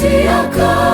sauti yako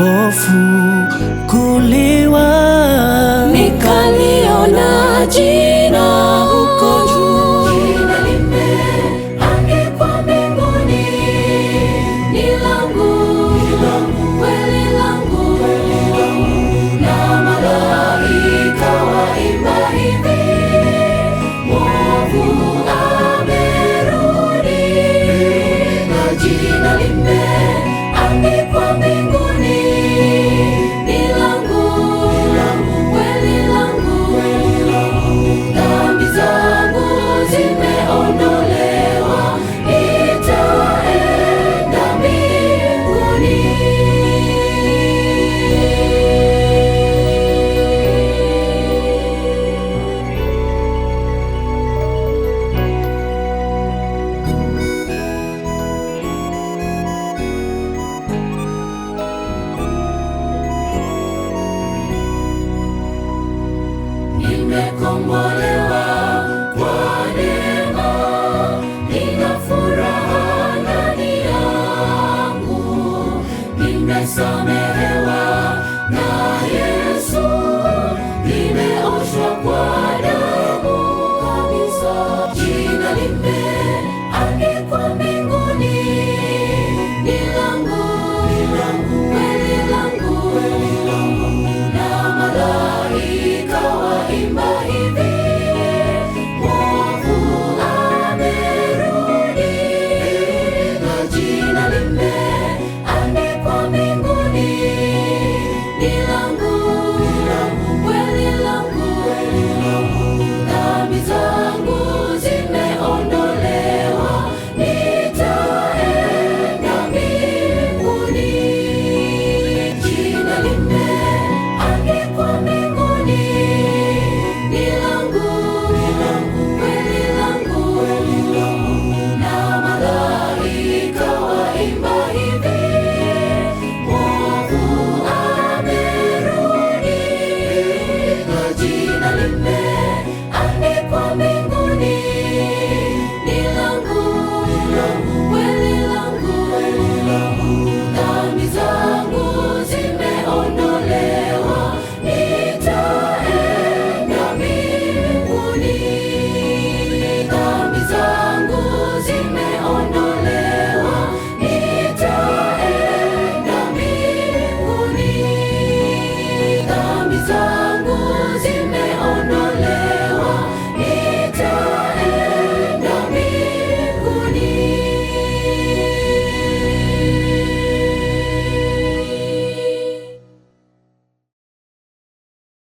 nilipofukuliwa nikaliona jina huko juu, jina limeandikwa mbinguni, ni langu, kweli langu, na malaika waimba Come sommeil. zangu